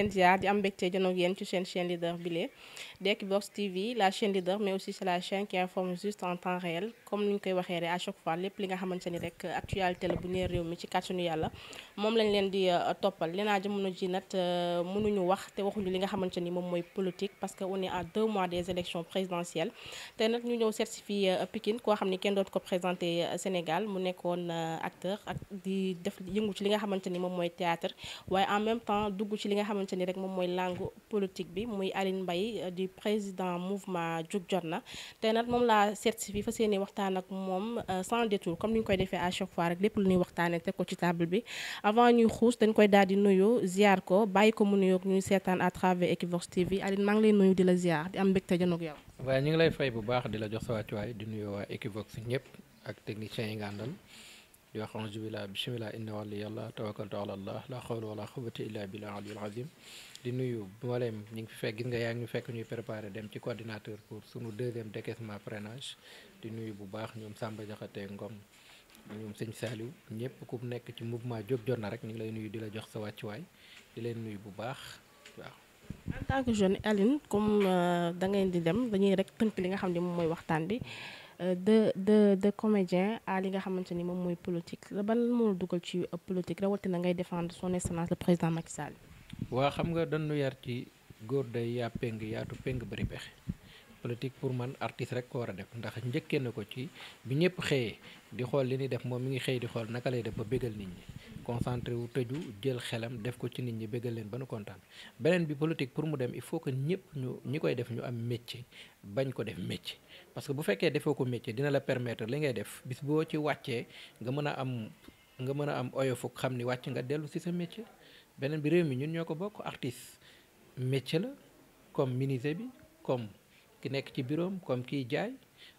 leen ziar di am mbégte jënoog yéen ci seen chaîne leader bi lee d'Equivox TV la chaîne leader mais aussi c'est la chaîne qui informe juste en temps réel comme ni ñu koy waxee rek à chaque fois lépp li nga xamante ni rek actualité la bu nee réew mi ci kàttanu yàlla moom lañ leen di euh, toppal nee jamono ji nag euh, mënuñu wax te waxuñu li nga xamante ni moom mooy politique parce que on est à deux mois des élections présidentielles te nag ñu ñëw seet si fii euh, Pikine koo xam ni kenn dootu ko présenté Sénégal mu nekkoon acteur ak di def yëngu ci li nga xamante ni moom mooy théâtre waaye en même temps dugg ci li nga xamante ni rek moom mooy langue politique bi muy Aline Mbaye di président mouvement jug jot na tey nag moom laa seet si fii waxtaan ak moom euh, sans détour comme ni koy defee à chaque fois rek lépp lu ñuy waxtaanee teg ko ci table bi avant ñuy xuus dañ koy daal di nuyu ziar ko bàyyi ko mu nuyoog ñuy seetaan à travers Equivox TV Aline maa ngi lay nuyu di la ziar di am mbégte janoog yow. waaye ñu ngi lay fay bu baax di la jox sa wàccuwaay di nuyu waa Equivox ñëpp ak techniciens yi nga àndal di wax auzu billah la xawla wala di nuyu mboolem ñu ngi fi fekk gis nga yaa ngi ñu fekk ñuy préparer dem ci coordinateur pour sunu deuxième décaissement freinage di nuyu bu baax ñoom Samba Diakhaté Ngom ñoom sëñ Saliou ñëpp ku nekk ci mouvement jóg jot na rek ñu ngi lay nuyu di la jox sa wàccuwaay di leen nuyu bu baax waaw. en tant que jeune Aline comme euh, da ngeen di dem dañuy rek tënk li nga xam ne moom mooy waxtaan bi euh, de de de comédien à li nga xamante ni moom mooy politique ban moo dugal ci euh, politique rawatina ngay défendre son excellence le président Macky Sall. waa xam nga dañu yar ci góor day yaa peng yaatu peng bari pexe politique pour man artiste rek ko war a def ndax njëkkee na ko ci bi ñëpp xëyee di xool li ni def moom mi ngi xëy di xool naka lay def ba bégal nit ñi concentré wu tëju jël xelam def ko ci nit ñi bégal leen ba nu kontaan beneen bi politique pour mu dem il faut que ñëpp ñu ñi koy def ñu am métier bañ ko def métier parce que bu fekkee defoo ko métier dina la permettre li ngay def bis boo ci wàccee nga mën a am nga mën a am oyofuk xam ni wàcc nga dellu si sa métier beneen bi réew mi ñun ñoo ko bokk artiste métier la comme menuisier bi comme ki nekk ci bureau comme kiy jaay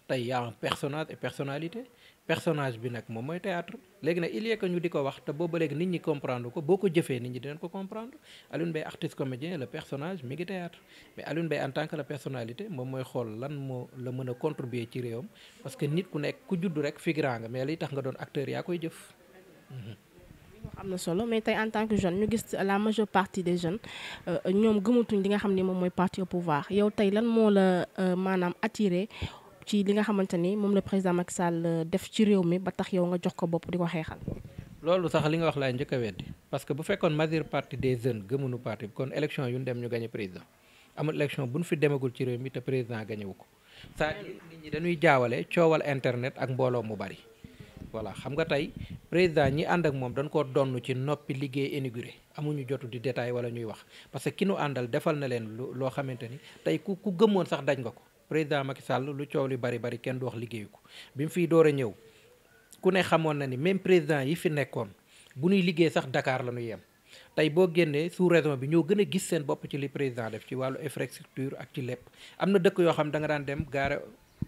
tey y a un personnage et personnalité bi nag moom mooy théâtre léegi nag il y a ñu di ko wax te booba léegi nit ñi comprendre ko boo ko jëfee nit ñi dinañ ko comprendre Alioune Mbaye artiste comédien le personage mi ngi théâtre mais Alioune Mbaye en tant que la personnalité moom mooy xool lan moo la mën a contribuer ci réewam parce que nit ku nekk ku judd rek figurant nga mais liy tax doon acteur yaa koy jëf. am na solo mais tey en tant que jeune ñu gis la majeure partie des jeunes euh, ñoom gëmatuñ li nga xam ni moom mooy parti au pouvoir yow tey lan moo la euh, maanaam attiré ci li nga xamante ni moom la président Macky Sall euh, def ci réew mi ba tax yow nga jox ko bopp di ko xeexal. loolu sax li nga wax laay njëkk a weddi parce que bu fekkoon majeure partie des jeunes gëmuñu parti bi kon élection yu ñu dem ñu gagné président amul élection bu ñu fi demagul ci réew mi te président ko. cest dañuy jaawale coowal internet ak mbooloo mu bari. voilà xam nga tey président ñi ànd ak moom dañ koo donn ci noppi liggéey inauguré amuñu jotu di détail wala ñuy wax parce que ki nu àndal defal na leen lu loo xamante ni tey ku ku gëmoon sax daj nga ko président Macky Sall lu coow li bari bari kenn du wax liggéeyu ko bi mu fi door a ñëw ku ne xamoon na ni même président yi fi nekkoon bu ñuy liggéey sax dakaar la ñu yem tey boo génnee sous raison bi ñoo gën a gis seen bopp ci li président def ci wàllu infrastructure ak ci lépp am na dëkk yoo xam da nga daan dem gaare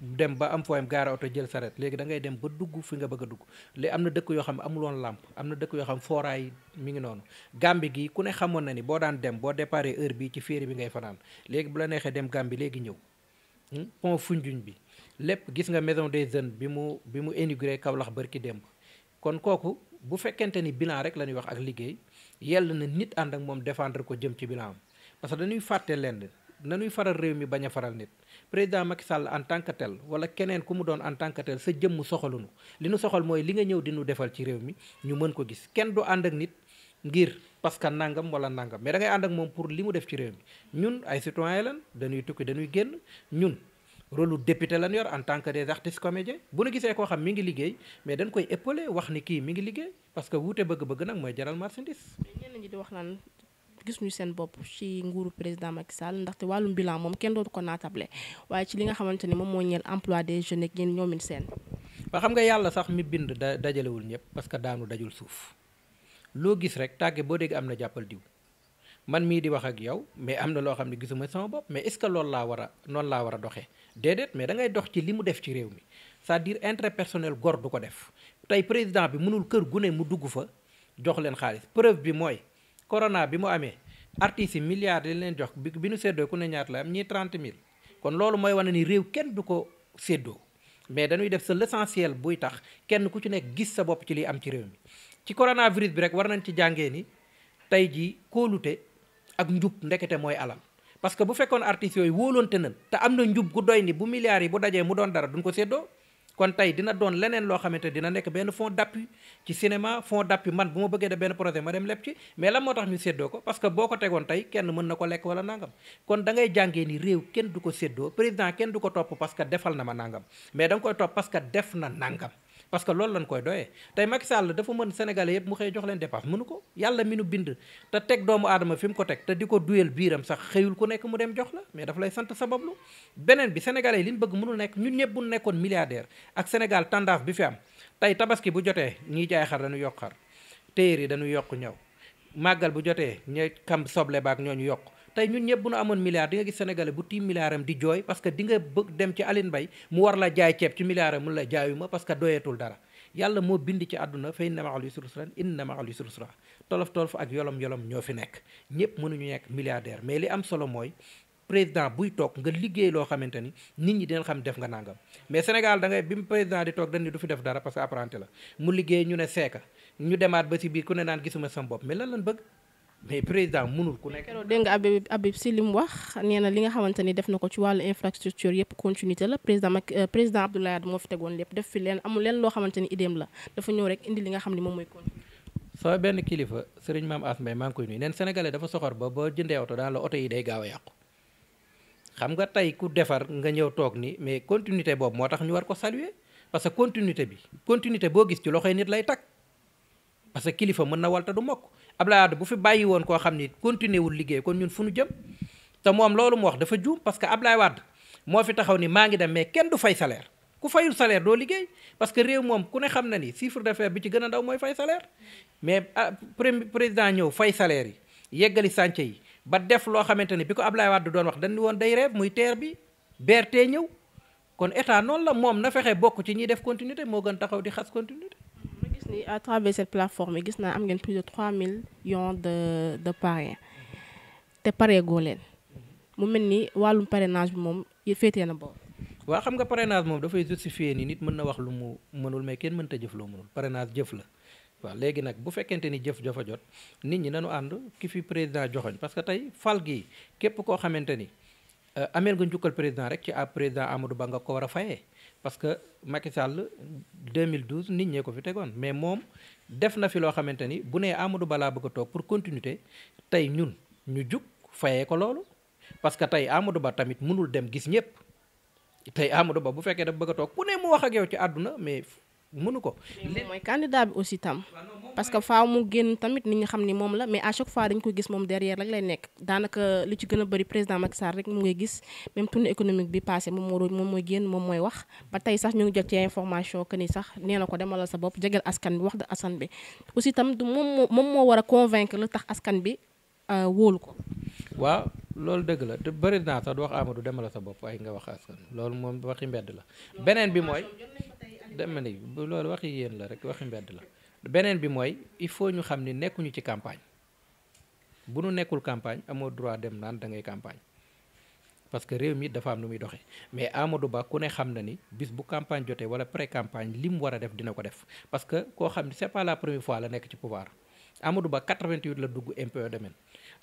dem ba am fooyam gaara oto jël saret léegi da ngay dem ba dugg fi nga bëgg a dugg léegi am na dëkk yoo xam ne amuloon làmp am na dëkk yoo xam fooraay mi ngi noonu gambi gi ku ne xamoon na ni boo daan dem boo déparé heure bi ci féeri bi ngay fanaan léegi bu la neexee dem gambi léegi ñëw hmm? pont Foundiougne bi lépp gis nga maison des jeunes bi mu bi mu inauguré Kaolack barki démb kon kooku bu fekkente ni bilan rek la ñuy wax ak liggéey yell na nit ànd ak moom défendre ko jëm ci bilan parce que dañuy fàtte lenn nañuy faral réew mi bañ a faral nit président Macky Sall en tant que tel wala keneen ku mu doon en tant tel sa jëmm soxalunu li nu soxal mooy li nga ñëw di nu defal ci réew mi ñu mën ko gis kenn du ànd ak nit ngir parce que nangam wala nangam mais da ngay ànd ak moom pour li mu def ci réew mi ñun ay citoyen lan dañuy tukki dañuy génn ñun rôle député lan yor en tant que des artistes comédiens bu nu gisee koo xam mi ngi liggéey mais dañ koy épauler wax ni kii mi ngi liggéey parce que wuute bëgg-bëgg nag mooy jaral marchandise. gisuñu seen bopp ci nguuru président Macky Sall ndaxte wàllum bilan moom kenn dootu ko naatable waaye ci li nga xamante ni moom moo ñeel emploi des jeunes ak yéen ñoomin seen ba xam nga yàlla sax mi bind da dajalewul ñëpp parce que daanu dajul suuf loo gis rek tàgge boo dégg am na jàppal diw man mii di wax ak yow mais am na loo xam ne gisuma sama bopp mais est-ce que loolu laa war a laa war a doxee déedéet mais dangay dox ci li mu def ci réew mi c'est-à-dire intérêt gor du ko def tey président bi mënul kër gu mu dugg fa jox leen corona bi mu amee artistes yi milliards yi leen jox bi bi nu séddoo ku ne ñaata la am ñii trente mille kon loolu mooy wane ni réew kenn du ko séddoo mais dañuy def sa l'essentiel buy tax kenn ku ci nekk gis sa bopp ci liy am ci réew mi ci coronavirus bi rek war nañ ci jàngee ni tey jii kóolute ak njub ndekete mooy alal parce que bu fekkoon artistes yooyu wóolonte nañ te am na njub gu doy ni bu milliards yi bu dajee mu doon dara duñ ko séddoo kon tey dina doon leneen loo xamante dina nekk benn fonds d'appui ci cinéma fonds d'appui man bu ma bëggee def benn projet ma dem lépp ci mais lan moo tax ñu séddoo ko parce boo ko tegoon tey kenn mën na ko lekk wala nangam kon da ngay jàngee ni réew kenn du ko séddoo président kenn du ko topp parce que defal na ma nangam mais da koy topp parce que def na nangam parce que loolu lañ koy doyee tey Macky Sall dafa mën sénégalais yëpp mu xëy jox leen dépense mënu ko yàlla mi nu bind te teg doomu aadama fi mu ko teg te di ko duyal biiram sax xëyul ku nekk mu dem jox la mais dafa lay sant sabablu beneen bi sénégalais yi li ñu bëgg mënul nekk ñun ñëpp bu nekkoon milliardaire ak Sénégal tendance bi fi am tey tabaski bu jotee ñiy jaay xar dañu yokk xar téer yi dañu yokk ñëw màggal bu jotee ñu kam soble baak ñooñu yokk tey ñun ñëpp bu nu amoon milliard di nga gis sénégalais bu tiim milliard am di jooy parce que di nga bëgg dem ci Aline Mbaye mu war la jaay ceeb ci milliard am mu la jaayuma parce que doyeetul dara yàlla moo bind ci àdduna fa inna ma'al yusri yusran inna ma'al yusri yusra tolof tolof ak yolom yolom ñoo fi nekk ñëpp mënuñu nekk milliardaire mais li am solo mooy président buy toog nga liggéey loo xamante ni nit ñi dinañ xam def nga nangam mais Sénégal da ngay bi mu président di toog dañ ni du fi def dara parce que apprenti la mu liggéey ñu ne seeka ñu demaat ba ci ku ne gisuma sam bopp mais lan lan bëgg mais président mënul ku nekk. keroog dégg nga Habib si li mu wax nee na li nga xamante ni def na ko ci wàllu infrastructure yëpp continuité la président Macky euh, président Abdoulaye moo fi tegoon lépp fi leen amul leen loo ni idéem la dafa ñëw rek indi li xam ne moom mooy continuité. sama kilifa sëriñ maam As Mbaye maa ngi koy nuyu dafa soxor ba boo jëndee oto daan la oto yi day gaaw a yàqu. xam nga tey ku defar nga ñëw toog ni mais continuité boobu moo tax ñu war ko saluer parce que continuité bi continuité boo gis ci loxoy nit lay takk parce que kilifa mën na walta du mokk Abdoulaye Wade bu fi bàyyi woon koo xam ni continuer wul liggéey kon ñun fu nu jëm te moom loolu mu wax dafa juum parce que Abdoulaye Wade moo fi taxaw ni maa ngi dem mais kenn du fay salaire ku fayul salaire doo liggéey parce que réew moom ku ne xam na ni chiffre d'affaires bi ci gën a ndaw mooy fay salaire mais ah, président ñëw fay salaire yi yeggali sànce yi ba def loo xamante ni bi ko Abdoulaye Wade doon wax dañu woon day reeb muy teer bi BRT ñëw kon noonu la moom na fexe bokk ci ñiy def continuité moo gën taxaw di xas continuité ni à travers cette plateforme gis naa am ngeen plus de 3 yon de de parrains te pareegoo leen mu mel ni wàllum parrainage bi moom féetee na boobu. waa xam nga parrainage moom dafay justifier ni nit mën na wax lu mu mënul may kenn mënta jëf loo mënul parrainage jëf la. waa léegi nag bu fekkente ni jëf jafa jot nit ñi nañu ànd ki fi président joxoñ parce que tey fal gi képp koo xamante ni euh, ameel nga njukkal président rek ci ab président amadu Ba nga ko a fayee parce que deux mille 2012 nit ñee ko fi tegoon mais moom def na fi loo xamante ni bu nee Amadou Ba laa bëgg a toog pour continuité tey ñun ñu jug fayee ko loolu parce que tey Amadou Ba tamit mënul dem gis ñëpp tey Amadou Ba bu fekkee dafa bëgg a toog ku ne mu wax ak yow ci àdduna mais mënu ko. mooy candidat bi aussi tam. parce que faa mu génn tamit nit ñi xam ni moom la mais à chaque fois dañ ko gis moom derrière rek lay nekk. daanaka li ci gën a bëri président Macky Sall rek mu ngay gis même tournée économique bi passé moom moo moom mooy génn moom mooy wax ba tey sax ñu ngi jot ci information que ni sax nee na ko demalal sa bopp jegeel askan bi wax da askan bi aussi tam du moom moom moo war a convaincre la tax askan bi euh, wóolu ko. waaw dëgg la te bëri naa sax du wax sa bopp waaye nga wax askan loolu moom waxi mbedd la beneen bi mooy. dama ne loolu waxi yéen la rek waxi mbedd la beneen bi mooy il faut ñu xam ni nekkuñu ci campagne bu nu nekkul campagne amoo droit dem naan da ngay campagne parce que réew mi dafa am nu muy doxee mais Amadou Ba ku ne xam na ni bis bu campagne jotee wala pré campagne li mu war a def dina ko def parce que koo xam ni c'est pas la première fois la nekk ci pouvoir Amadou Ba 88 la dugg impôt e domaine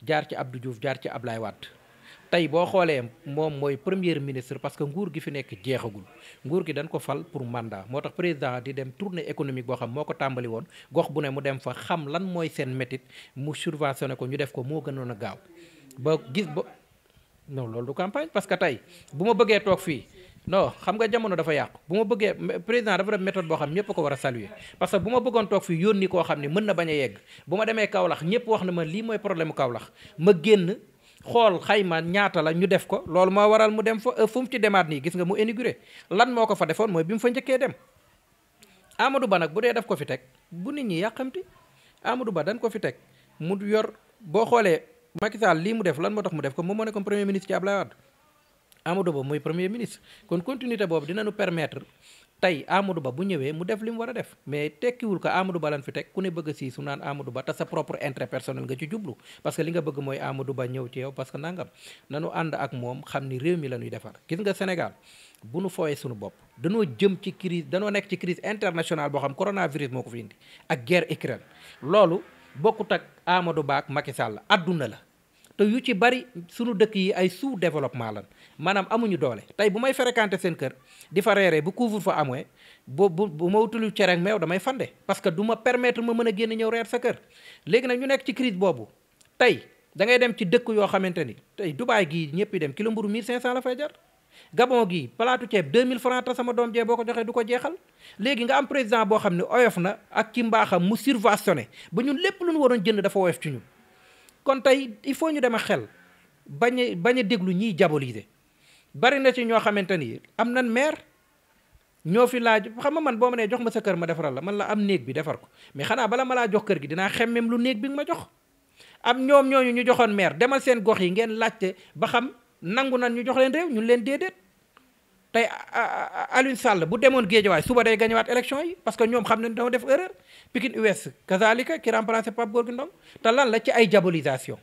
jaar ci Abdou Diouf jaar ci Ablaye Wade tey boo xoolee moom mooy premier ministre parce que nguur gi fi nekk jeexagul nguur gi dañ ko fal pour mandat moo tax président di dem tournée économie boo xam moo ko tàmbali woon gox bu ne mu dem fa xam lan mooy seen métit mu subventionné ko ñu def ko moo gënoon a gaaw ba gis ba non loolu du campagne que tey bu ma bëggee toog fii non xam nga jamono dafa yàqu bu ma bëggee président dafa def méthode boo xam ñëpp ko war a saluer parce que bu ma bëggoon toog fii yónni koo xam ne mën na bañ a yegg bu ma demee Kaolack ñëpp wax na ma lii mooy problème Kaolack ma génn xool xayma ñaata la ñu def ko loolu moo waral mu dem fa euh, fu mu ci demaat nii gis nga mu inauguré lan moo ko fa defoon mooy bi mu fa njëkkee dem Amadou Ba nag bu dee def ko fi teg bu nit ñi yàqamti Amadou Ba dañ ko fi teg mu yor boo xoolee Macky Sall lii mu def lan moo tax mu def ko moom moo nekkoon premier ministre ci Abdoulaye Wade Amadou Ba mooy premier ministre kon continuité boobu dinañu permettre tey Amadou Ba bu ñëwee mu def li war a def mais tekkiwul ko Amadou Ba lan fi teg ku ne bëgg sii su naan Amadou Ba te sa propre intérêt personnel nga ci jublu parce que li nga bëgg mooy Amadou Ba ñëw ci yow parce que nangam nanu ànd ak moom xam ni réew mi la ñuy defar gis nga Sénégal bu nu fooyee sunu bopp danoo jëm ci crise danoo nekk ci crise internationale boo xam coronavirus moo ko fi indi ak guerre Ukraine loolu bokkut ak Amadou Ba ak Macky Sall la te yu ci bari sunu dëkk yi ay sous développement lan maanaam amuñu doole tey bu may fréquenté seen kër di fa reeree bu couvre fa amee bu bu bu ma wutulu cere ak meew damay fande parce que du ma permettre ma mën a génn ñëw reer sa kër léegi nag ñu nekk ci crise boobu tey da ngay dem ci dëkk yoo xamante ni tey Dubaay gii ñëpp dem kilo mburu cent la fay jar Gabon gii palaatu ceeb 2000 francs te sama doom jee boo ko joxee du ko jeexal léegi nga am président boo xam ne oyof na ak ci mbaaxam mu subventionné ba ñun lépp lu ñu waroon jënd dafa oyof ci kon tey il faut ñu demal xel bañ a bañ a déglu ñiy diaboliser bari na ci ñoo xamante ni am nan maire ñoo fi laaj xam nga man boo ma nee jox ma sa kër ma defaral la man la am néeg bi defar ko mais xanaa bala ma laa jox kër gi dinaa xemmem lu néeg bi nga ma jox am ñoom ñooñu ñu joxoon meer demal seen gox yi ngeen laajte ba xam nangu nan ñu jox leen réew ñun leen déedéet tey Alioune Sall bu demoon géejawaay suba day gañewaat élection yi parce que ñoom xam ne dañoo def erreur Pikine US kazalika ki remplacé Pape Gorgui Ndong te lan la ci ay diabolisation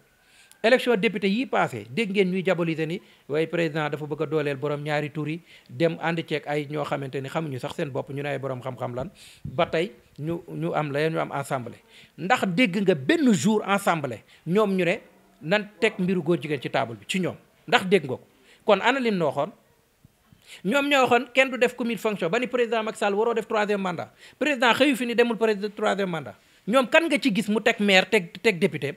élection député yi passé dégg ngeen ñuy diaboliser ni waaye président dafa bëgg a dooleel borom ñaari tur yi dem ànd ceeg ay ñoo xamante ni xamuñu sax seen bopp ñu ne ay borom xam-xam lan ba tey ñu ñu am la ñu am assemblée. ndax dégg nga benn jour assemblée ñoom ñu ne nan teg mbiru góor jigéen ci table bi ci ñoom ndax dégg nga ko kon ana lim nooxoon ñoom ñoo waxoon kenn du def commune fonction ba ni président Macky Sall waroo def troisième mandat président xëyu fi ni demul président troisième mandat ñoom kan nga ci gis mu teg maire teg teg député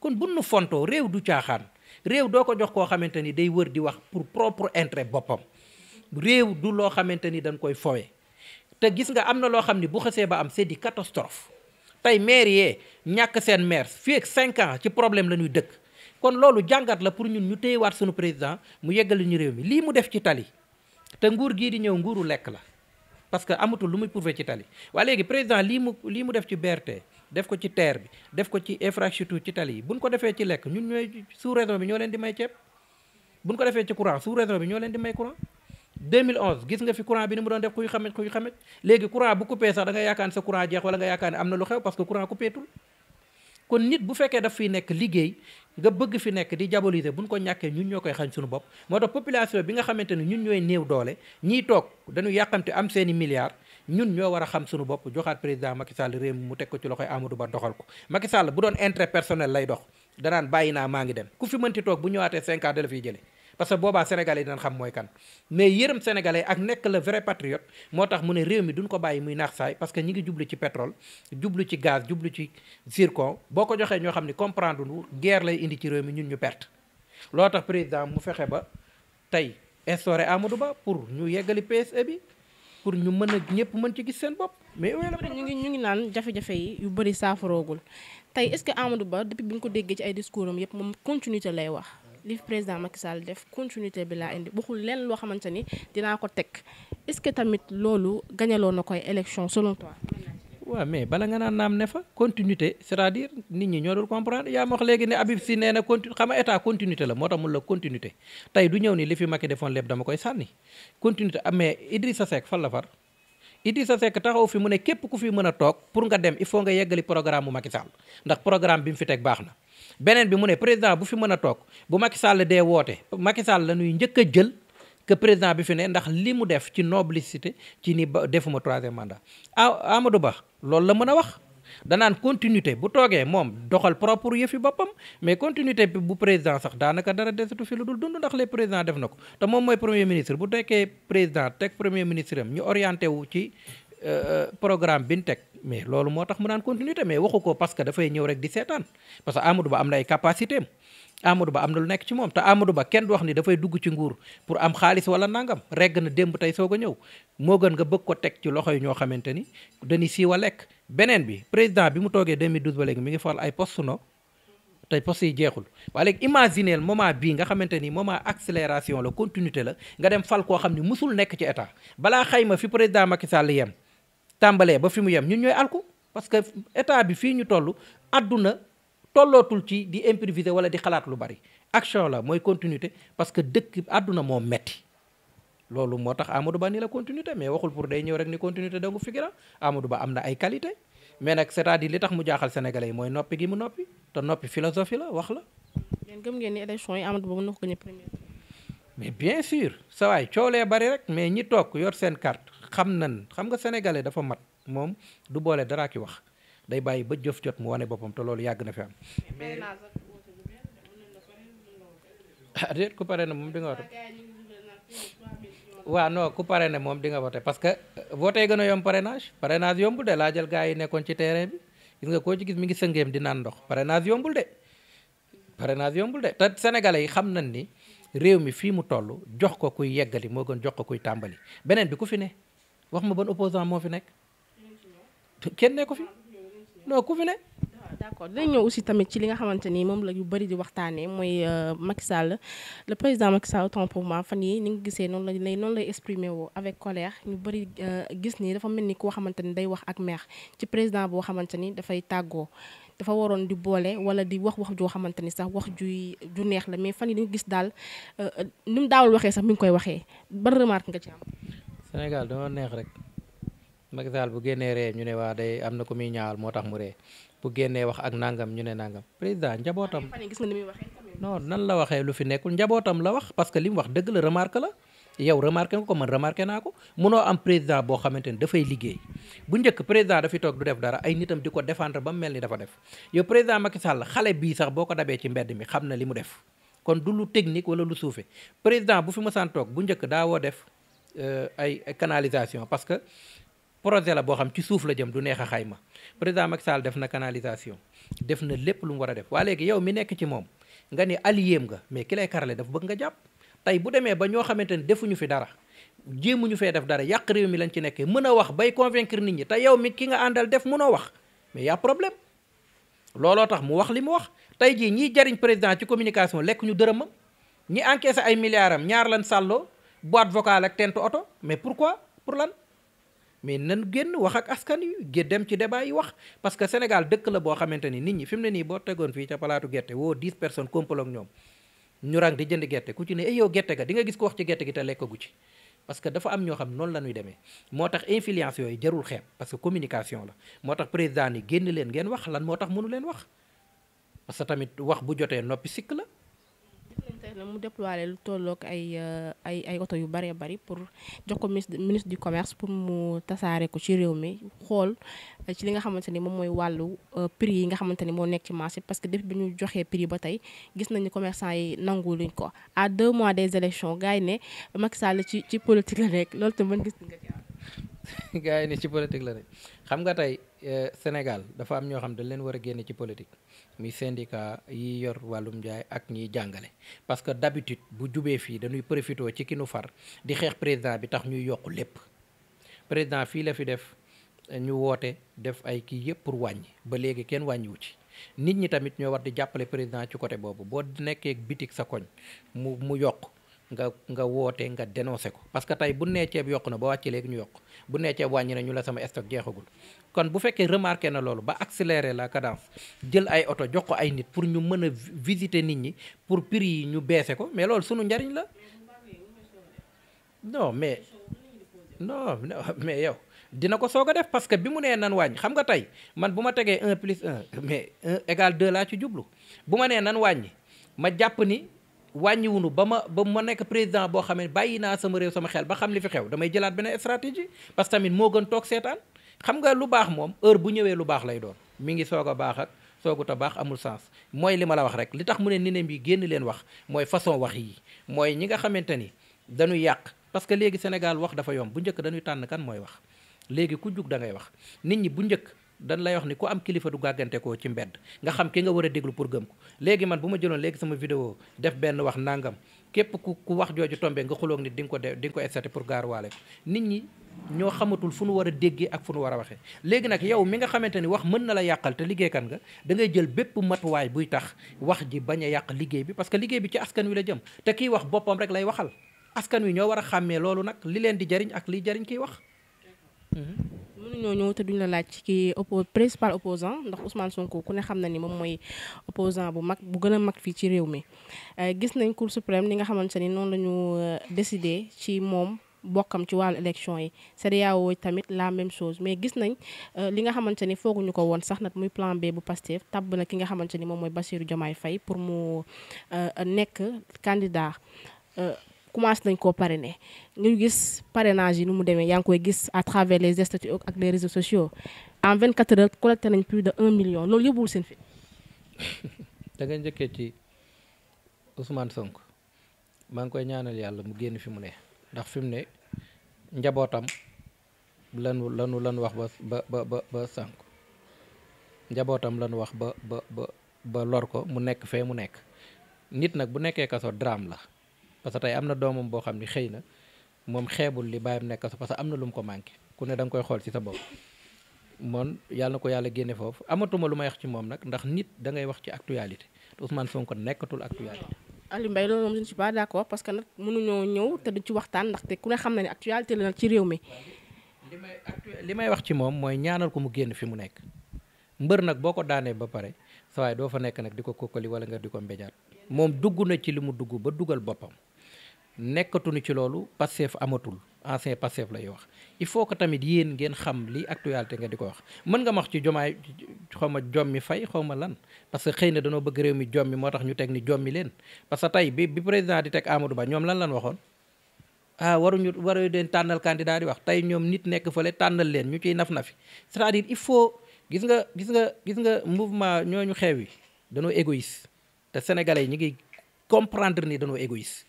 kon bu nu fontoo réew du caaxaan réew doo ko jox koo xamante ni day wër di wax pour propre intérêt boppam réew du loo xamante ni dañ koy fowe te gis nga am na loo xam ni bu xësee ba am c'est di catastrophe tey maire yee ñàkk seen maire fii ak cinq ans ci problème la ñuy dëkk kon loolu jàngat la pour ñun ñu téyewaat suñu président mu yeggali ñu réew mi lii mu def ci tali te nguur gii di ñëw nguuru lekk la parce que amatul lu muy prouver ci tali waaye léegi président lii mu lii mu def ci BRT def ko ci teer bi def ko ci infrastructure ci tali yi buñ ko defee ci lekk ñun ñooy sous-région bi ñoo leen di may ceeb buñ ko defee ci courant sous-région bi ñoo leen di may courant 2011 gis nga fi courant bi ni mu doon def kuy xamit kuy xamit léegi courant bu coupé sax da nga yaakaar sa courant jeex wala nga yaakaar ne am na lu xew parce que courant coupétul kon nit bu fekkee daf fiy nekk liggéey nga bëgg fi nekk di diaboliser buñ ko ñàkkee ñun ñoo koy xañ suñu bopp moo tax population bi nga xamante ne ñun ñooy néew doole ñiy toog dañu yàqamte am seeni milliards ñun ñoo war a xam suñu bopp joxaat président Macky Sall réew mu teg ko ci loxoy Amadou Ba doxal ko Macky Sall bu doon intérêt personnel lay dox danaan bàyyi naa maa ngi dem ku fi mënti toog bu ñëwaatee cinq ans da la fiy jëlee parce que boobaa sénégalais yi dinañ xam mooy kan mais yërëm sénégalais ak nekk le vrai patriote moo tax mu ne réew mi duñ ko bàyyi muy naax saay parce que ñi ngi jublu ci pétrole jublu ci gaz jublu ci zircon boo ko joxee ñoo xam ni comprendre lu guerre lay indi ci réew mi ñun ñu perte loo tax président mu fexe ba tey instauré Amadou Ba pour ñu yeggali PSE bi pour ñu mën a ñëpp mën ci gis seen bopp mais ñu ngi ñu ngi naan jafe-jafe yi yu bëri saafaroogul tey est ñu ko déggee ci ay discours am yëpp moom continuité lay wax li président Macky Sall def continuité bi laa indi xul leen loo xamante ni dinaa ko teg est-ce que tamit loolu gañaloo na koy élection selon toi. waaw mais bala nga naan naam ne fa continuité c'est-à-dire nit ñi ñoo dul comprendre yaa ma wax léegi ne Habib Sy nee na continu xam a état continuité la moo tax mun la continuité tey du ñëw ni li fi Macky defoon lépp dama koy sànni continuité ah, mais sa Seck fan la far. sa Seck taxaw fi mu ne képp ku fi mën a toog pour nga dem il faut nga yeggali programme mu Macky Sall ndax programme bi fi teg baax na beneen bi mu ne président bu fi mën a toog bu Macky Sall dee woote Macky Sall la ñuy njëkk a jël que président bi fi ne ndax li mu def ci noblicité ci ni ba defuma troisième mandat ah Amadou Ba loolu la mën a wax danaan continuité bu toogee moom doxal propre yëfi boppam mais continuité bi bu président sax daanaka dara desatu fi lu dul dund ndax les président def na ko te moom mooy premier ministre bu tekkee président teg premier ministre am ñu orienté wu ci Euh, euh, programme bi ñu teg mais loolu moo tax mu naan continuité mais waxu ko parce que dafay ñëw rek di seetaan parce que Amadou Ba am na ay capacité am Ba am na lu nekk ci moom te Amadou Ba kenn du wax ni dafay dugg ci nguur pour am xaalis wala nangam regg na démb tey soog a ñëw moo gën nga bëgg ko teg ci loxo yi ñoo xamante ni dañuy siiwa lekk. beneen bi président bi mu toogee 2012 ba léegi mu ngi fal ay poste no tey post yi jeexul waaye léegi imagineel moment bii nga xamante ni moment accélération la continuité la nga dem fal koo xam ni musul nekk ci état balaa xayma fi président Macky Sall yem. tàmbalee ba fi mu yem ñu ñooy alku parce que état bi fii ñu toll àdduna tollootul ci di improviser wala di xalaat lu bari action la mooy continuité parce que dëkk àdduna moo metti loolu moo tax Amadou Ba ni la continuité mais waxul pour day ñëw rek ni continuité dangu figira Amadou Ba am na ay qualité mais nag cest à li tax mu jaaxal sénégalais yi mooy noppi gi mu noppi te noppi philosophie la wax la. yéen gëm ngeen ni élection yi Amadou Ba mën na ko mais bien sûr sa waay coolee bari rek mais ñi toog yor seen carte xam nan xam nga sénégalais dafa mat moom du boole dara ki wax day bàyyi ba jëf jot mu wane boppam te loolu yàgg na fi am. mais ah, déet ku pare na moom di nga woote. waaw ku pare ne moom di nga woote parce que woote euh, gën a yomb parrainage parrainage yombul de laa jël gars yi nekkoon ci terrain bi gis nga koo ci gis mi ngi sëngeem di naan ndox parrainage yombul de. parrainage yombul de te sénégalais yi xam nañ ni réew mi fii mu toll jox ko kuy yeggali moo gën jox ko kuy tàmbali beneen bi ku fi ne. wax ma ban opposant moo fi nekk kenn ne ko fi non ku fi ne d' accord ñëw aussi tamit ci li nga xamante ni moom la ñu bëri di waxtaanee mooy euh, Macky la le président Macky Sall autant pour fan yi ni nga gisee noonu lay noonu lay exprimer woo avec colère ñu bëri euh, gis ni dafa mel ni koo xamante ni day wax ak meex ci président boo xamante ni dafay tàggoo dafa waroon di boole wala di wax wax joo xamante ni sax wax ju neex la mais fan yi dañu gis daal euh, nu mu daawul waxee sax mi ngi koy waxee ban remarque nga ci am. Sénégal dañoo neex rek Macky Sall bu génnee ree ñu ne waa day am na ko muy ñaawal moo tax mu ree bu génnee wax ak nangam ñu ne nangam président njabootam. non nan la waxee lu fi nekkul njabootam la wax parce que li mu wax dëgg la remarque la yow remarqué nga ko man remarqué naa ko mënoo am président boo xamante ni dafay liggéey bu njëkk président dafi toog du def dara ay nitam di ko défendre ba mu mel ni dafa def yow président Macky Sall xale bii sax boo ko dabee ci mbedd mi xam na li mu def kon du lu technique wala lu suufe président bu fi mësaan toog bu njëkk daawoo def Euh, ay canalisation parce que projet la boo xam ci suuf la jëm du neex a xayma président mag Sall def na canalisation def na lépp lu mu war a def waa léegi yow mi nekk ci moom nga ni alliéem nga mais ki lay karale daf bëgg nga jàpp tey bu demee ba ñoo xamante ne defuñu fi dara jéemuñu fee def dara yàq réew mi lañ ci nekkee mën a wax bay convaincre nit ñi te yow mi ki nga àndal def a wax mais y'a problème looloo tax mu wax li mu wax tey jii ñiy jariñ président ci communication lekk ñu dërëmam ñi encaissé ay milliards am ñaar lan sàlloo boîte vocale ak tent oto mais pour pourquoi pour lan mais nan génn wax ak askan yu gé dem ci débat yi wax parce que Sénégal dëkk la boo xamante ni nit ñi fi mu ne nii boo tegoon fii ca palaatu gerte woo 10 personnes kompaloog ñoom ñu rang di jënd gerte ku ci ne ay eh yow gerte ga di nga gis ko wax ci gerte gi te lekk lekkagu ci parce que dafa am ñoo xam noonu la demee moo tax influence yooyu jarul xeeb parce que communication la moo tax président yi génn leen ngeen wax lan tax mënu leen wax parce que tamit wax bu jotee noppi sikk la tey nag mu déployé lu tollook ay euh, ay ay oto yu bëree bari pour jox ko ministre du commerce pour mu tasaare ko ci réew mi xool euh, ci li nga xamante ni moom mooy wàllu euh, prix yi nga xamante ni moo nekk ci marché parce que depuis bi ñu joxee prix ba tey gis nañu commerçant yi nangu luñ ko à mois des élections gars yi ne Macky ci ci politique la nekk loolu tamit mën gis nga ci. gars yi ne xam nga tey Sénégal dafa am ñoo xam dañ leen war a ci politique. mi syndicat yi yor wàllum jaay ak ñiy jàngale parce que d'habitude bu jubee fii dañuy profitoo ci ki nu far di xeex président bi tax ñuy yokk lépp président fii la fi def ñu woote def ay kii yëpp pour wàññi ba léegi kenn wàññiwu ci nit ñi tamit ñoo war di jàppale président ci côté boobu boo nekkee bitik sa koñ mu mu yokk nga nga woote nga dénoncé ko parce que tey bu nee ceeb yokk na ba wàcc léegi ñu yokk bu nee ceeb wàññi na ñu la sama stock jeexagul kon bu fekkee remarqué na loolu ba accélérer la cadence jël ay oto jox ko ay nit pour ñu mën a visiter nit ñi pour prix yi ñu beese ko mais loolu sunu njariñ la non mais no mais yow dina ko soog a def parce que bi mu nee nan wàññi xam nga tey man bu ma tegee un plus un mais un égal deux laa ci jublu bu ma nee nan wàññi ma jàpp wàññiwunu ba ma ba ma nekk président boo xam ne bàyyi naa sama réew sama xel ba xam li fi xew damay jëlaat beneen stratégie parce que tamit moo gën toog seetaan xam nga lu baax moom heure bu ñëwee lu baax lay doon mi ngi soog a baax ak soogut a baax amul sens mooy li ma la wax rek li tax mu ne ni ne génn leen wax mooy façon wax yi mooy ñi nga xamante ni dañuy yàq parce que léegi Sénégal wax dafa yomb bu njëkk dañuy tànn kan mooy wax léegi ku jug da ngay wax nit ñi bu njëkk dañ lay wax ni ku am kilifa du gàggante koo ci mbedd nga xam ke nga war a déglu pour gëm ko léegi man bu ma jëloon léegi sama vidéo def benn wax nangam képp ku ku wax jooju tombe nga xuloog ni di nga ko de di nga ko exercer pour gaaruwaale nit ñi ñoo xamatul fu nu war a déggee ak fu nu war a waxee léegi nag yow mi nga xamante ni wax mën na la yàqal te liggéey liggéeykat nga dangay jël bépp matuwaay buy tax wax ji bañ a yàq liggéey bi parce que liggéey bi ci askan wi la jëm te kiy wax boppam rek lay waxal askan wi ñoo war a xàmmee loolu nag li leen di jariñ ak liy jariñ kiy wax mhm. ñoo ñëw te duñ la laaj ki oppo principal opposant ndax Ousmane Sonko ku ne xam na ni moom mooy opposant bu mag bu gën a mag fii ci réew mi euh, gis nañ Cour suprême li nga xamante ni noonu la ñu euh, décidé ci moom bokkam ci wàllu élection yi CEDEAO tamit la même chose mais gis nañ euh, li nga xamante ni fooguñu ko woon sax nag muy plan B bu Pastef tabb na ki nga xamante ni moom mooy Bassirou Diomaye fay pour mu nekk candidat commencé nañ koo pare parrainer ñu gis parrainage yi nu mu demee yaa ngi koy gis à travers les statuts ak les réseaux sociaux en 24 heures collecté nañ plus de 1 million loolu yóbbuwul seen fi da nga njëkkee ci Ousmane Sonko maa ngi koy ñaanal yàlla mu génn fi mu ne ndax fi ne njabootam lanu lanu wax ba ba ba ba sànk njabootam lanu wax ba ba ba lor ko mu nekk fee mu nekk nit nag bu nekkee kaso drame la parce que tey am na doomam boo xam ni xëy na moom xeebul li bàyyam nekk parce que am na lu mu ko manqué ku ne da nga koy xool ci sa bopp. moom yàlla na ko yàlla génne foofu amatuma lu may wax ci moom nag ndax da ngay wax ci actualité te Ousmane Sonko nekkatul actualité. Aliou Mbaye loolu moom je ne suis parce que nag mënuñoo ñëw te duñ ci waxtaan ndaxte ku ne xam na ne actualité la nag réew mi. li li may wax ci moom mooy ñaanal ko mu génn fi mu nekk mbër nag boo ko daanee ba pare saa doo fa nekk nag di ko kokkali wala nga di ko mbéjaat moom dugg na ci li mu dugg ba dugal boppam. nekkatuñu ci loolu Pastef amatul ancien Pastef lay wax il faut que tamit yéen ngeen xam li actualité nga di ko wax mën nga wax ci jomaay xaw ma jommi fay xaw ma lan parce que xëy na danoo bëgg réew mi jommi moo tax ñu teg ni jommi leen parce que tey bi bi président di teg Amadou Ba ñoom lan lan waxoon ah waruñu waru leen tànnal candidat di wax tey ñoom nit nekk fële tànnal leen ñu ciy naf-nafi c'est-à-dire il faut gis nga gis nga gis nga mouvement ñooñu xeew yi danoo égoïste te sénégalais yi ñu ngi comprendre ni danoo égoïste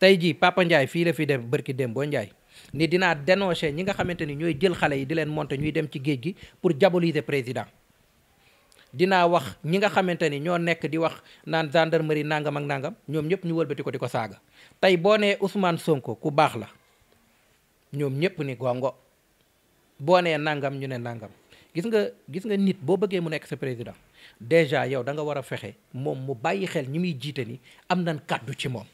tey jii Papa Ndiaye fii la fi dem bërki dem boo Ndiaye ni dinaa dénoncer ñi xamante ni ñooy jël xale yi di leen monter ñuy dem ci géej gi pour diaboliser président dinaa wax ñi nga xamante ni ñoo nekk di wax naan gendarmerie nangam ak nangam ñoom ñëpp ñu wëlbati di ko saaga tey boo nee Ousmane Sonko ku baax la ñoom ñëpp ni gongo boo nee nangam ñu ne nangam gis nga gis nga nit boo bëggee mu nekk sa président déjà yow da nga war a fexe moom mu bàyyi xel ñi muy jiite ni am nan kàddu ci moom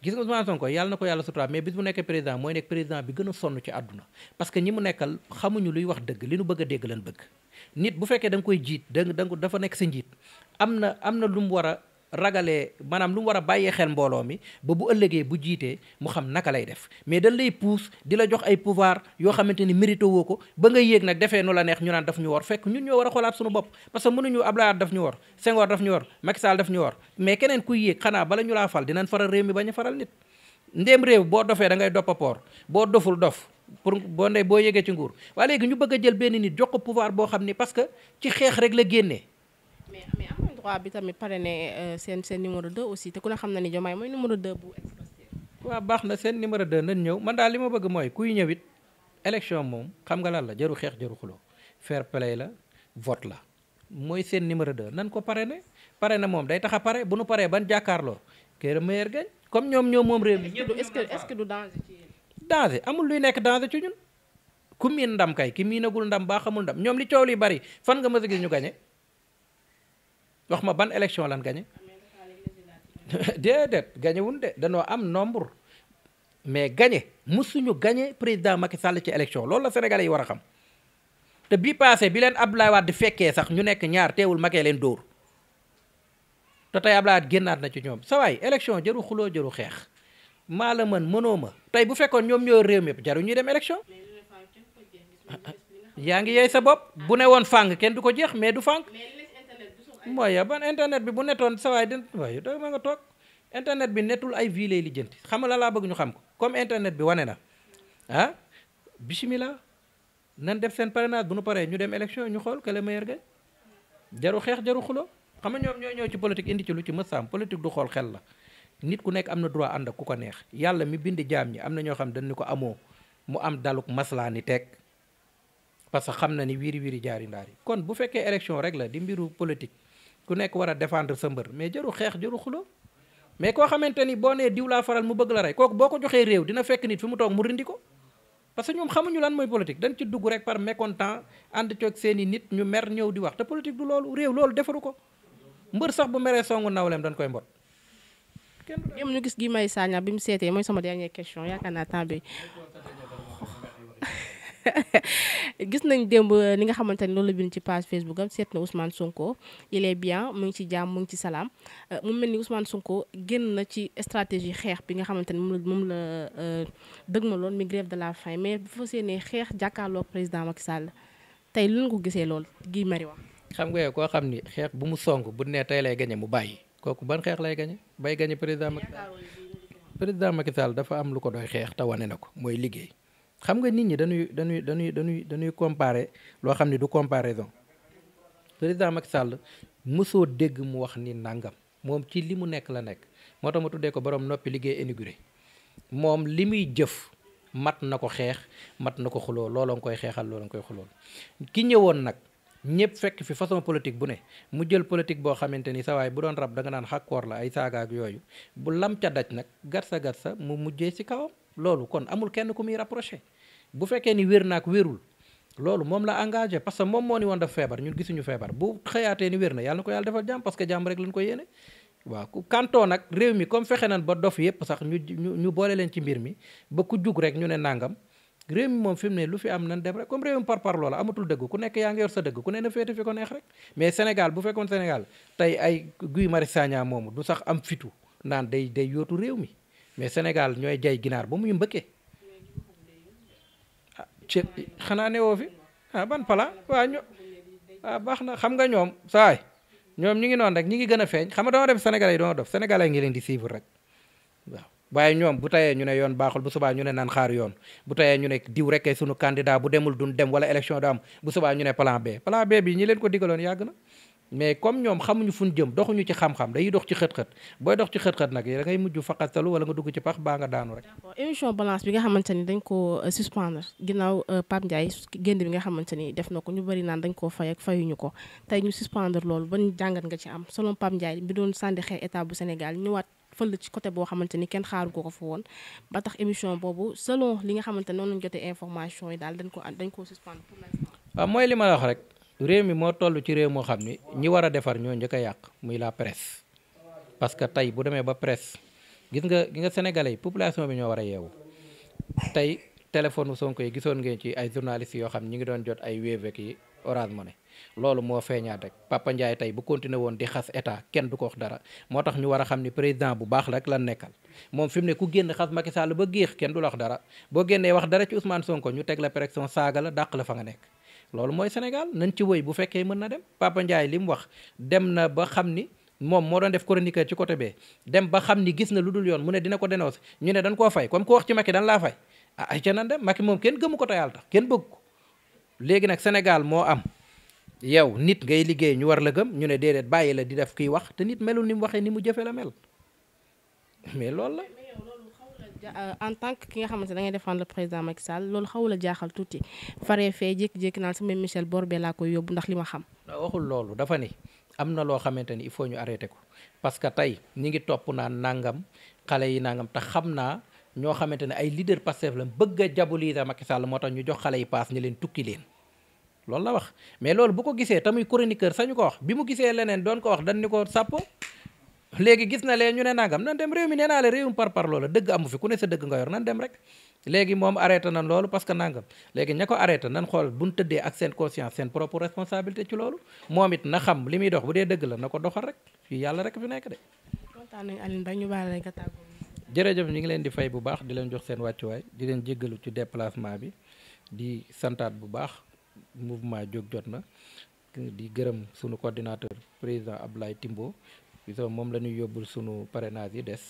gis nga Ousmane Sonko yàlla na ko yàlla sutura mais bis bu nekkee président mooy nekk président bi gën sonn ci àdduna parce que ñi mu nekkal xamuñu luy wax dëgg li nu bëgg a dégg lan bëgg nit bu fekkee da nga koy jiit da nga dafa nekk sa njiit am na am na lu mu war a ragalee maanaam lu war a bàyyee xel mbooloo mi ba bu ëllëgee bu jiitee mu xam naka lay def mais dañ lay pousse di la jox ay pouvoir yoo xamante ni mérité woo ko ba nga yéeg nag defee nu la neex ñu naan daf ñu war fekk ñun ñoo war a xoolaat suñu bopp parce que mënuñu Abdoulaye daf ñu war Senghor daf ñu war Macky Sall daf ñu war mais keneen kuy yéeg xanaa bala ñu laa fal dinañ faral réew mi bañ a faral nit ndéem réew boo dofee dangay ngay doppa poor boo doful dof pour boo ndey boo yegee ci nguur waaye léegi ñu bëgg jël benn nit jox ko pouvoir boo xam ni parce que ci xeex rek la génnee droit bi tamit parrainé euh, seen seen numéro 2 aussi te ku ne xam na ni Diomaye mooy numéro 2 bu ex baax na seen numéro 2 nañ ñëw man daal li ma bëgg mooy kuy ñëw it élection moom xam nga lan la jaru xeex jaru xuloo fair play la vote la mooy seen numéro 2 nan ko pare parrainé moom day tax pare bu nu paree ban jàkkaarloo kër meilleur gañ comme ñoom ñoom moom réew mi. est-ce que est que du danger ci yéen. amul luy nekk danger ci ñun ku miin ndam kay ki miinagul ndam baa xamul ndam ñoom li coow li bari fan nga mës gis ñu gañe wax ma ban élection lan gagné déedéet gagné wuñ de danoo am nombre mais mu suñu gañe président Macky Sall ci élection loolu la sénégalais yi war a xam te bi passé bi leen Abdoulaye Wade di fekkee sax ñu nekk ñaar teewul Macky leen dóor te tey Abdoulaye Wade génnaat na ci ñoom sawaay waay élection jëru xuloo jëru xeex maa la mën mënoo ma tey bu fekkoon ñoom ñoo réew mi jaru ñuy dem élection yaa ngi yeey sa bopp bu ne woon fàng kenn du ko jeex mais du fàng mooy ba internet bi bu netoon sa waay dina waaye doo ma nga toog internet bi netul ay vie lay lijjanti xam la laa bëgg ñu xam ko comme internet bi wane na ah bisimilah nan def seen parrainage bu nu paree ñu dem élection ñu xool que le meilleur jaru xeex jaru xulo xam nga ñoom ñoo ñëw ci politique indi ci lu ci mësaam politique du xool xel la nit ku nekk am na droit ànd ak ku ko neex yàlla mi bind jaam ñi am na ñoo xam dañ ni ko amoo mu am daluk maslaa ni teg parce que xam na ni wiiri wiiri jaari ndaar yi kon bu fekkee élection rek la di mbiru politique ku nekk war a défendre sa mbër mais jëru xeex jëru xulo mais koo xamante ni boo nee diw laa faral mu bëgg la rey kooku boo ko joxee réew dina fekk nit fi mu toog mu rindi ko parce que ñoom xamuñu lan mooy politique dañ ci dugg rek par mécontent ànd coog seeni nit ñu mer ñëw di wax te politique du loolu réew loolu defaru ko mbër sax bu meree songu nawleem dañ koy mbot kenn ñu gis gi may Saña bi mu seetee mooy sama dernière question yaakaar naa temps bi gis nañ démb li nga xamante ni loolu la bind ci page Facebook am seet na Ousmane Sonko il est bien mu ngi ci jàmm mu ngi ci salaam euh, mu mel ni Ousmane Sonko génn na ci stratégie xeex bi nga xamante ni moom la moom la euh, dëgmaloon mi grève de la faim mais bu fa seenee xeex jàkkaarloo président Macky Sall tey lu ko gisee lool gi mari wax xam nga koo xam ni xeex bu mu song bu nee tey lay gañe mu bàyyi kooku ban xeex lay gañe bay gañe président Macky Sall président Macky Sall dafa am lu ko doy xeex te wane na ko mooy liggéey xam nga nit ñi dañuy dañuy dañuy dañuy dañuy comparer loo xam ne du comparaison président Macky sàll mosoo dégg mu wax ni nangam moom ci li mu nekk la nekk moo tax ma tuddee ko borom noppi liggéey inauguré moom li muy jëf mat na ko xeex mat na ko xuloo looloo nga koy xeexal looloo nga koy xulool ki ñëwoon nag ñëpp fekk fi façon politique bu ne mu jël politique boo xamante ni sa waay bu doon rab da nga naan xàkkoor la ay saagaak yooyu bu lam ca daj nag gatsa gatsa mu mujjee ci kawam. loolu kon amul kenn ku muy rapproché bu fekkee ni wér naak wérul loolu moom la engagé parce que moom moo ni woon daf feebar ñun gisuñu feebar bu xëyaatee ni wér na yàlla na ko yàlla defal jàmm parce que jàmm rek lañ ko yéene waaw ku kantoo nag réew mi fexe nan ba dof yëpp sax ñu ñu boole leen ci mbir mi ba ku rek ñu ne nàngam réew mi moom fi mu ne lu fi am nan dem rek comme réew mi par par loola amatul dëgg ku nekk yaa ngi yor sa dëgg ku ne na féete fi ko neex rek mais Sénégal bu fekkoon Sénégal tey ay Guy Marius Sagna moomu du sax am fitu naan day day yootu réew mi mais Sénégal ñooy jay ginaar ba muy mbëkkee ah ceeb xanaa fi ah ban pala waa ño ah baax na xam nga ñoom saay ñoom ñu ngi noonu rek ñi ngi gën a feeñ xam nga dama def sénégalais yi dama ngi leen di suivre rek waaw waaye ñoom bu tayee ñu ne yoon baaxul bu subaa ñu ne nan xaar yoon bu tayee ñu ne diw rek sunu candidat bu demul duñ dem wala élection du am bu subaa ñu ne plan B plan B bi ñi leen ko digaloon yàgg na mais comme ñoom xamuñu fu ñu jëm doxuñu ci xam-xam dañuy dox ci xët-xët booy dox ci xët-xët nag da ngay mujj faqastalu wala nga dugg ci pax baa nga daanu rek. émission balance bi nga xamante dañ koo euh, suspendre ginnaaw euh, Pape Ndiaye génn bi nga xamante ni def na ko ñu bëri naan dañ koo fay ak fayuñu ko tey ñu suspender loolu ban jàngat nga ci am selon Pape Ndiaye bi doon sànni xeer état bu Sénégal ñëwaat fël ci côté boo xamante ni kenn xaaru ko ko fa woon ba tax émission boobu selon li nga xamante noonu lañ jotee information yi daal dañ ko dañ koo suspendre ah, mooy li ma la wax rek réew mi moo toll ci réew moo xam ni ñi war a defar ñoo njëkk a yàq muy la presse parce que tey bu demee ba presse gis nga gi nga sénégalais yi population bi ñoo war a yeewu tey téléphone Sonko yi gisoon ngeen ci ay journalistes yoo xam ñi ngi doon jot ay Wave ak yi Orange Money loolu moo feeñaat rek Papa Ndiaye tey bu continé woon di xas état kenn du ko wax dara moo tax ñu war a xam ni président bu baax rek la nekkal moom fi mu ne ku génn xas Macky Sall ba géex kenn du la dara boo génnee wax dara ci Sonko ñu teg la pression saaga la dàq la fa nga nekk loolu mooy Sénégal nañ ci woy bu fekkee mën na dem Papa Ndiaye li mu wax dem na ba xam ni moom moo doon def chroniqueur ci côté bee dem ba xam ni gis na lu dul yoon mu ne dina ko dénoncer ñu ne dañ koo fay comme ku wax ci Macky dañ laa fay ah ay ca nan dem Macky moom kenn gëmu ko te yàlla tax kenn bëgg ko léegi nag Sénégal moo am yow nit ngay liggéey ñu war la gëm ñu ne déedéet bàyyi la di def kiy wax te nit melul ni mu waxee ni mu jëfe la mel mais loolu la Euh, en tant que ki nga xamante ne da ngay défendre le président Macky Sall loolu xawula jaaxal tuuti faree fee jékki-jékki naan sama Michel Borbé laa koy yóbbu ndax li ma xam. waxul loolu dafa ni am na loo xamante ni il faut ñu arrêté ko parce que tey ñi ngi topp naa nangam xale yi nangam te xam naa ñoo xamante ne ay leader Pastef la bëgg a jaboliser Macky Sall moo tax ñu jox xale yi paas ñu leen tukki leen. loolu la wax mais loolu bu ko gisee tamuy chroniqueur sañu léegi gis na leen ñu ne nangam nan dem réew mi nee naa la réewum par par loola dëgg amu fi ku ne sa dëgg nga yor nan dem rek léegi moom arrêté nan loolu parce que nangam léegi ña ko arrêté nan xool bu ñu tëddee ak seen conscience seen propre responsabilité ci loolu moom it na xam li muy dox bu dee dëgg la na ko doxal rek fii yàlla rek fi nekk de. kontaan nañu Alioune Mbaye ñu baal lañ ko tàggoo. jërëjëf ñu ngi leen di fay bu baax di leen jox seen wàccuwaay di leen jéggalu ci déplacement bi di santaat bu baax mouvement jóg jot na di gërëm sunu coordinateur président Abdoulaye Timbo disons moom la ñuy yóbbul sunu parrainage yi des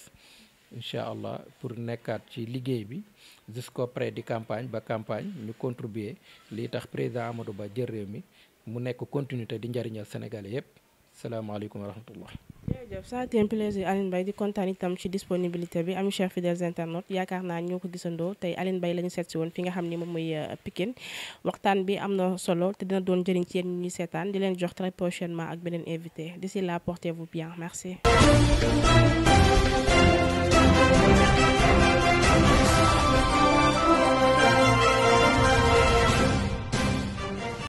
incha allah pour nekkaat ci liggéey bi jusqu'au près di campagne ba campagne ñu contribuer lii tax président Amadou Ba jël réew mi mu nekk continuité di njariñal Sénégalais yépp salaamaaleykum wa rahmatullah jërëjëf ça a été un plaisir Aline Mbaye di kontaan itam ci disponibilité bi ami chers fidèles internautes yaakaar naa ñoo ko gisandoo tey Aline bay la ñu seet si woon fi nga xam ni moom mooy euh, Pikine waxtaan bi am na solo te dina doon jëriñ ci yéen ñuy seetaan di leen jox très prochainement ak beneen invité di d'ici là portez-vous bien merci